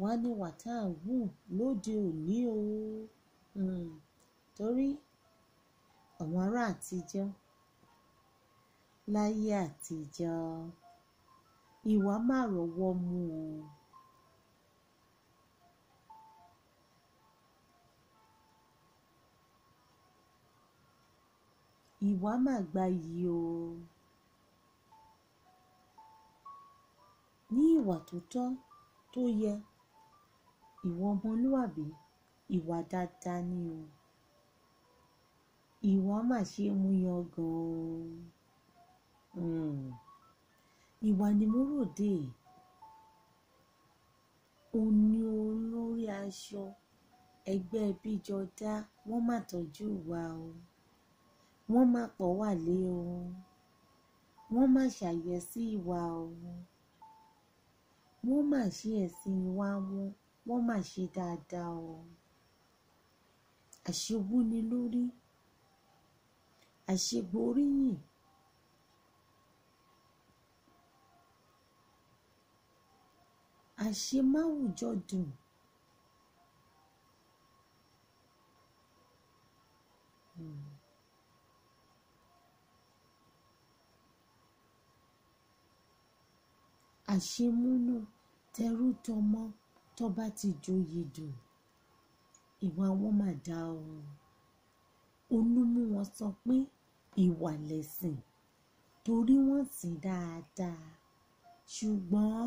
wọ́n á ní ìwà tá à ń wù lóde òní o hmm, torí àwọn ará àtijọ́ láyé àtijọ́ ìwà má rọ́wọ́ mú o. ìwà má gba yìí o. ní ìwà tó tọ́ tó yẹ Ìwà ọmọlúàbí, ìwà dáadáa ni o. Ìwà má ṣe é múyàn gan-an. Hmm. Ìwà ni múròdé. Òun ni olórí aṣọ. Ẹgbẹ́ ẹbí jọdá, wọ́n máa tọ́jú wa o. Wọ́n máa pọ̀ wá lé o. Wọ́n má ṣàyẹ̀sí wa o. Wọ́n má ṣe ẹ̀sìn wa wọn wọ́n mà ṣe dáadáa o àṣewúni lórí àṣegboríyìn àṣemáwùjọ dùn hmm. àṣemúnú tẹrú tọmọ tó bá ti joyè dùn ìwà wọn mà dá o olúmú wọn sọ pé ìwà lẹ̀sìn torí wọ́n sìn dáadáa ṣùgbọ́n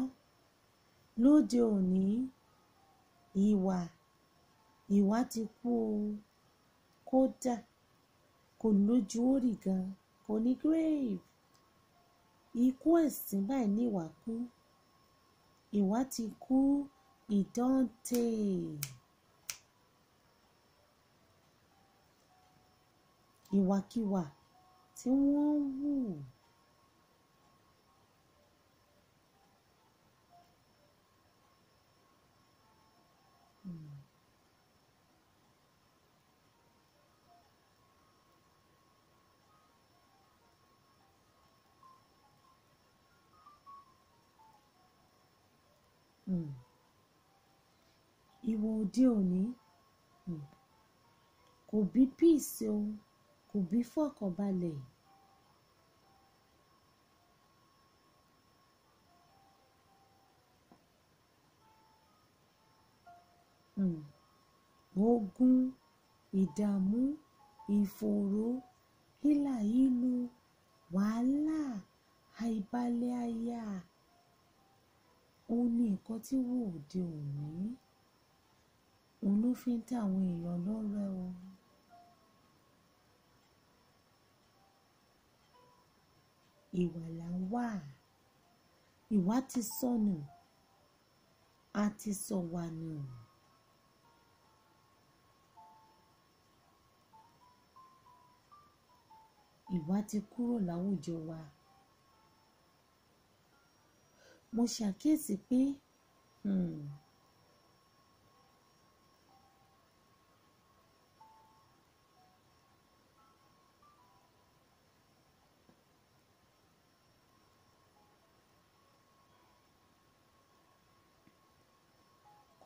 lóde òní ìwà ìwà ti kú o kódà kò lójú orí gan kò ní grave ikú ẹ̀sìn báyìí ní ìwà kú ìwà ti kú ìdáǹtè. Ìwàkiwà tí wọ́n ń hù. Mm òde òní hmm, kò bí peace o kò bí fọ̀kànbalẹ̀. Mm. ogun ìdààmú ìfòòró hílàhílo wàhálà àìbalẹ̀ aya òun ni nǹkan tí wò ó òde òní òun ló fi ń tẹ́ àwọn èèyàn lọ́rẹ o. Ìwà là ń wà, ìwà ti sọnù, a ti sọ wà nù. Ìwà ti kúrò láwùjọ wa. Mo ṣàkíyèsí pé. Hmm.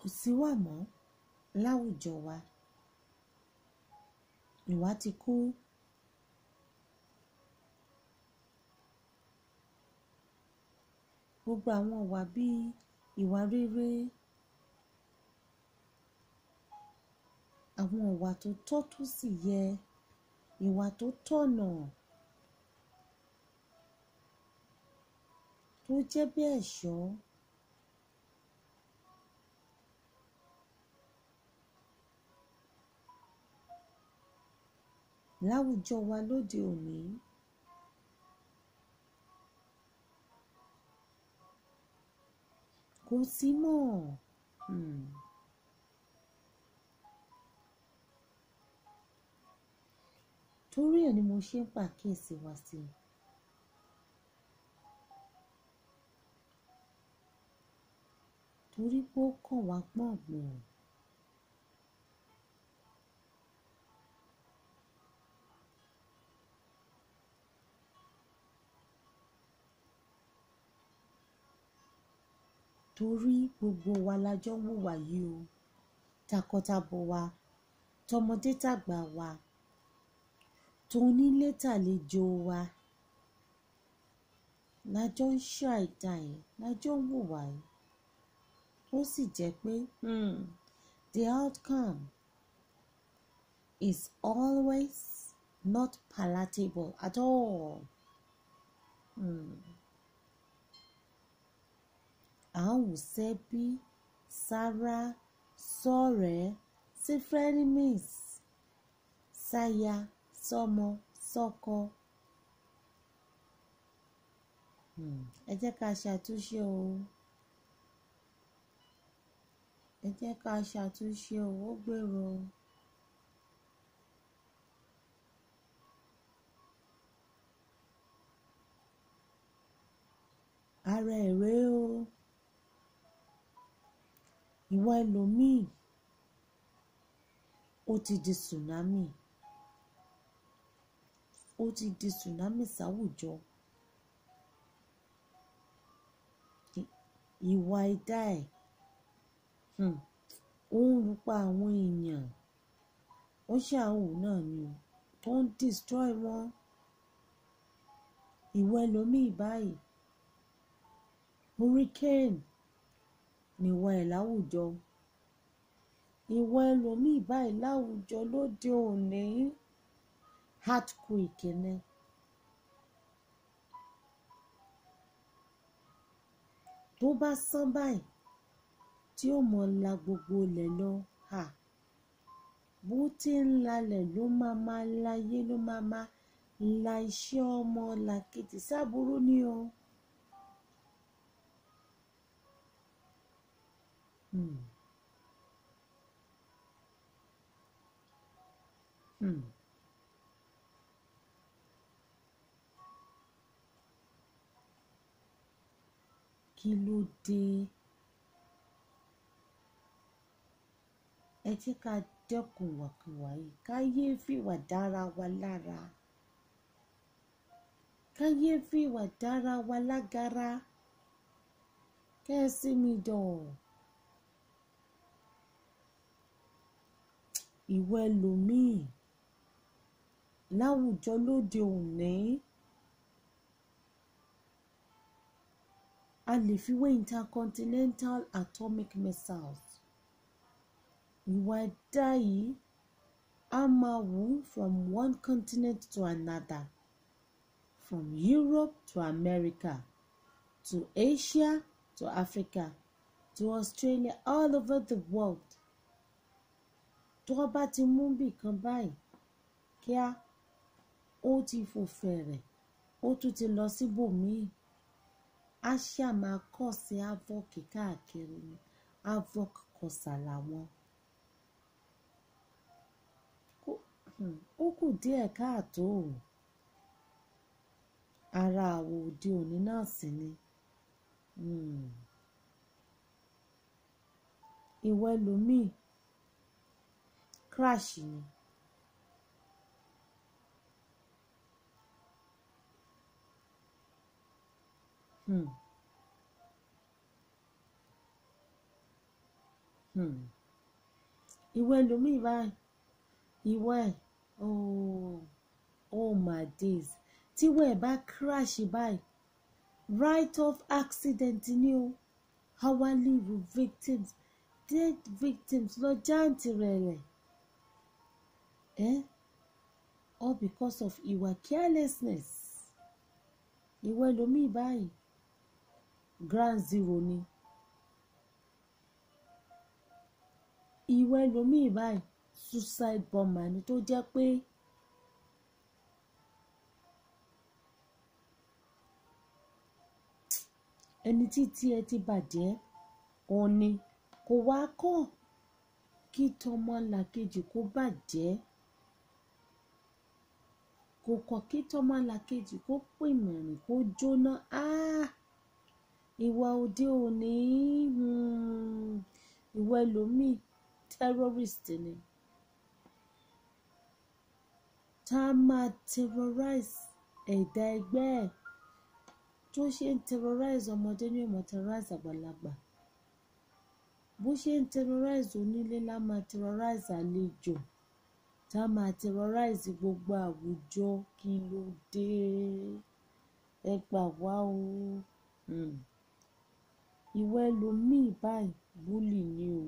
kò sí wà mọ́ láwùjọ wa ìwà ti kú gbogbo àwọn ìwà bíi ìwà rere àwọn ìwà tó tọ́ tó sì yẹ ìwà tó tọ̀nà tó jẹ́ bí ẹ̀ṣọ́ láwùjọ wa lóde òní. Kò sí mọ́ um torí ẹ̀ ni mo ṣe ń pàkíyèsí wa sí i. torí pé ó kàn wá pọ̀npọ̀n. torí gbogbo wa la jọ ń wùwà yìí o takọtabo wa tọmọdé tàgbà wa tonílé tàlejò wa la jọ ń ṣàìdá yìí la jọ ń wùwà yìí ó sì jẹ́ pé hmm, the outcome is always not palatable at all. Mm. Ahunsebi, Sarah, sọ̀rẹ́, sí frenemies, sáya, sọ́mọ, sọ́kọ. Hmm, ẹ jẹ́ ká ṣàtúnṣe o ẹ jẹ́ ká ṣàtúnṣe o ó gbèrò ara ẹ̀ rèé o ìwà ẹlòmíì ó ti di tsunami ó ti di tsunami sáwùjọ ìwà ẹ̀dá ẹ̀ hmm, ó ń lupa àwọn èèyàn ó ṣàwò náà ni o tó ń destroy wọn ìwà ẹlòmíì báyìí hurricane níwà ẹ̀ láwùjọ ìwà ẹlòmíì báyìí láwùjọ lóde òní hardquick ni tó bá sán báyìí tí ó mọ̀ la gbogbo ilẹ̀ lọ ha bó ti ń lalẹ̀ ló máa máa láyé ló máa máa la iṣẹ́ ọmọ làkejì sábúrú ni o. Mm. Mm. Kí ló dé? Ẹ jẹ́ ká dẹ́kun ìwàkiwà yìí, ká yéé fìwà dára wa lára. Ká yéé fìwà dára wa lágara. Kẹ́ ẹ sinmi dọ̀. ìwà ẹlòmíì láwùjọ lóde òní. A lè fi wé intercontinental atomic missiles. Ìwà ẹ̀dá yìí á máa wù from one continent to another, from Europe to America, to Asia to Africa, to Australia, all over the world tó bá ti mú bì kan báyìí kíá ó ti fò fẹ̀rẹ̀ ó tún ti lọ síbòmíì á ṣáà máa kọ̀ sí avọ́k káàkiri ni avọ́k kọ̀sà làwọn. Hmm, ó kù díẹ̀ káàtó o ara àwọ̀ òde òní náà sì ni hmm. ìwọ ẹlòmíì. Hmm crash ni. Hmm. Hmm. ìwọ ẹlòmíì báyìí ìwọ ẹ oh oh my days tíwọ ẹ bá crash báyìí right of accident ni o with victims dead victims lọ jáǹtì rẹ̀ rẹ̀ eh? all because of ìwà carelessness ìwọ ẹlòmíì báyìí ground zero ni ìwọ ẹlòmíì báyìí suicide bomber ni tó jẹ́ pé ẹni tí tí ẹ ti bàjẹ́ òun ni kò wá kọ́ kí tọmọlàkejì kó bàjẹ́ kò kàn kí tọmọlàkejì kó pè mẹ̀rìn kó jóná ìwà òde òní hmm, ìwà ẹlòmíì terrorist ni tá máa terrorize ẹ̀dá ẹgbẹ́ ẹ̀ tó ṣe ń terrorize ọmọdé ní ọmọ terrorize àgbàlagbà bó ṣe ń terrorize onílé lá máa terrorize àlejò tá a máa terrorize gbogbo àwùjọ kí ló dé ẹ gbà wá o hmm. ìwọ ẹlòmíì báyìí búlì ni o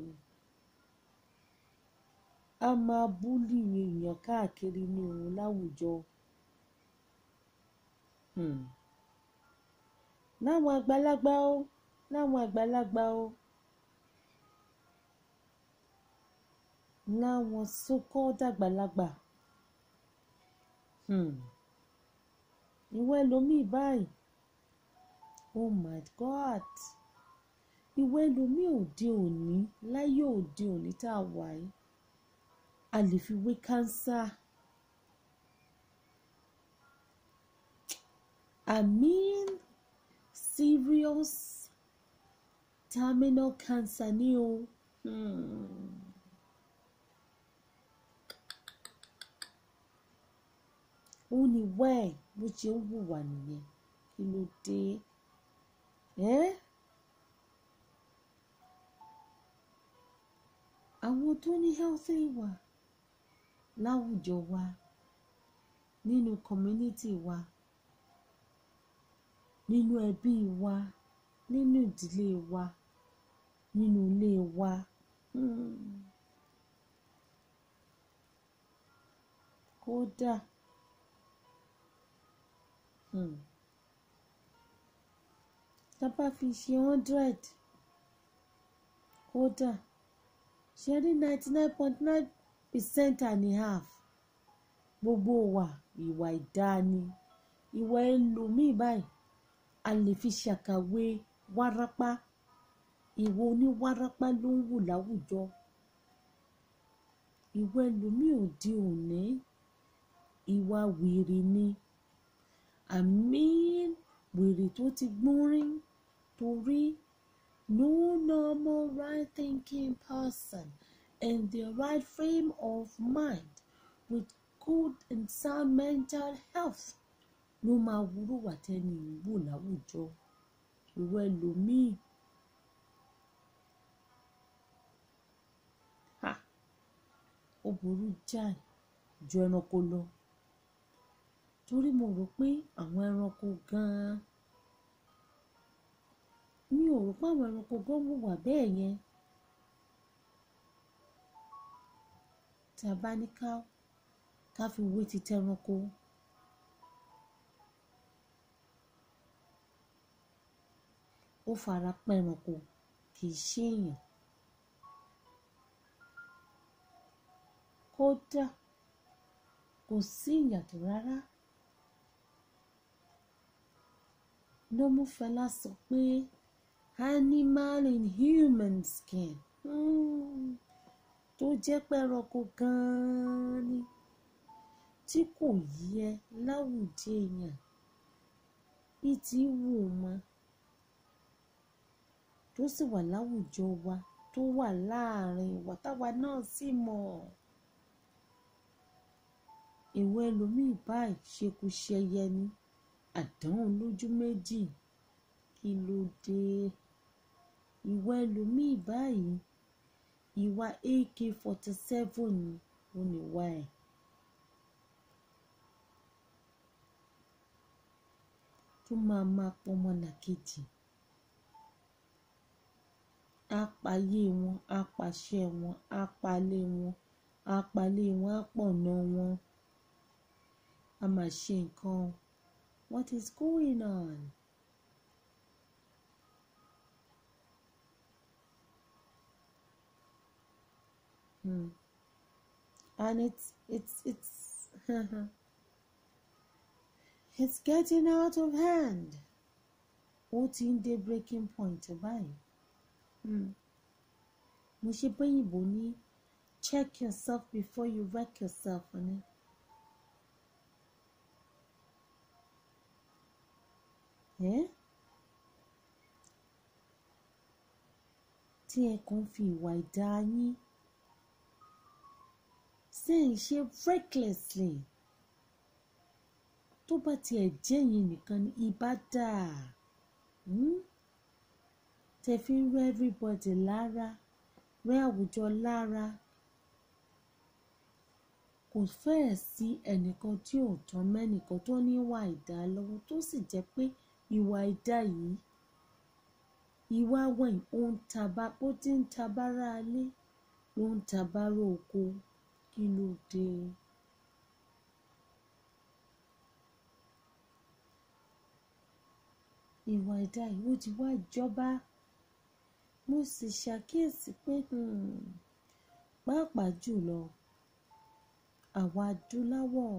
a máa búlì èèyàn káàkiri ní òun láwùjọ hmm. láwọn àgbàlagbà o láwọn àgbàlagbà o. láwọn sókó dàgbàlagbà hmm. ìwọ ẹlòmíì báyìí oh my god ìwọ ẹlòmíì òde òní láyé òde òní tá a wà yìí a lè fi wé kánsá I mean serious terminal cancer ni o. Hmm. ó ní wáì bó ṣe ń hùwà nìyẹn kí ló dé àwọn tó ní healthy wà láwùjọ wa nínú community wa nínú ẹbí wa nínú ìdílé wa nínú ilé wa. Hmm. Hmm. tá a bá fi ṣe hundred kódà ṣe ní ninety nine point nine percent and a half gbogbo wa ìwà ìdáni ìwà ẹlòmíì báyìí a lè fi ṣàkàwé wárápá ìwà oníwárápá ló ń wù láwùjọ ìwà ẹlòmíì òde òní ìwà wèrè ni àmín wèrè tó ti gbọ́n rí torí no normal right thinking person in the right frame of mind with good and sound mental health ló máa wúrò wà tẹ́ni ìwò láwùjọ ìwọ ẹlòmíì. ó burú jáì ju ẹranko lọ torí mo rò pé àwọn ẹranko gan-an mi ò rò pé àwọn ẹranko gan wùwà bẹ́ẹ̀ yẹn tí a bá ní ká ká fi wé ti tẹranko. ó fara pẹ́ kì í ṣe èèyàn. kódà kò sí ìyàtọ̀ rárá Lọ́múfẹlá sọ pé animal in human skin hmm. tó jẹ́ pẹ́ranko gan-an ni tí kò yẹ láwùjọ èèyàn ìtì wù mọ́ tó sì wà láwùjọ wa tó wà láàrin wa náà sì mọ̀ èwo ẹlòmíì báyìí ṣekú ṣẹyẹ ni àdánwò lójú méjì kí ló dé ìwà ẹlòmíì báyìí ìwà ak forty seven ni ó ní wá ẹ̀. tó máa máa pọnmọ làkejì apayé wọn apàṣẹ wọn apalé wọn apalé wọn apọ̀nà wọn a máa ṣe nǹkan o. What is going on? Hmm. And it's it's it's it's getting out of hand. Ó ti ń breaking point báyìí. Hmm. Mo ṣe check yourself before you wreck yourself on it. tí ẹ kàn fi ìwà ìdá yín ṣe ń ṣe recklessly tó bá tiẹ̀ jẹ́ yín nìkan ni ibà dáa hmm? tẹ fi ń rẹ everybody lára rẹ àwùjọ lára kò fẹ́ẹ̀ sí ẹnìkan tí ò tán mẹ́nìkan tó níwà ìdá lọ́wọ́ tó sì jẹ́ pé ìwà ẹ̀dá yìí ìwà wọn yìí ó ń taba bó ti ń tabára alé ló ń tabára oko kí ló dé. ìwà ẹ̀dá yìí ó ti wá jọba mo sì ṣàkíyèsí pé hmm, pàápàá jùlọ àwa adúláwọ̀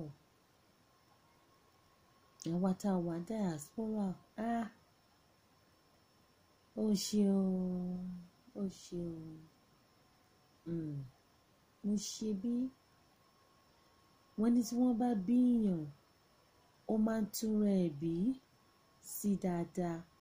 àwa tá a wà diaspora ah ó ṣeun ó ṣeun hmm, mo ṣe bí wọ́n ní tí wọ́n bá bíyàn ó máa ń túnra ẹ̀ bí sí dáadáa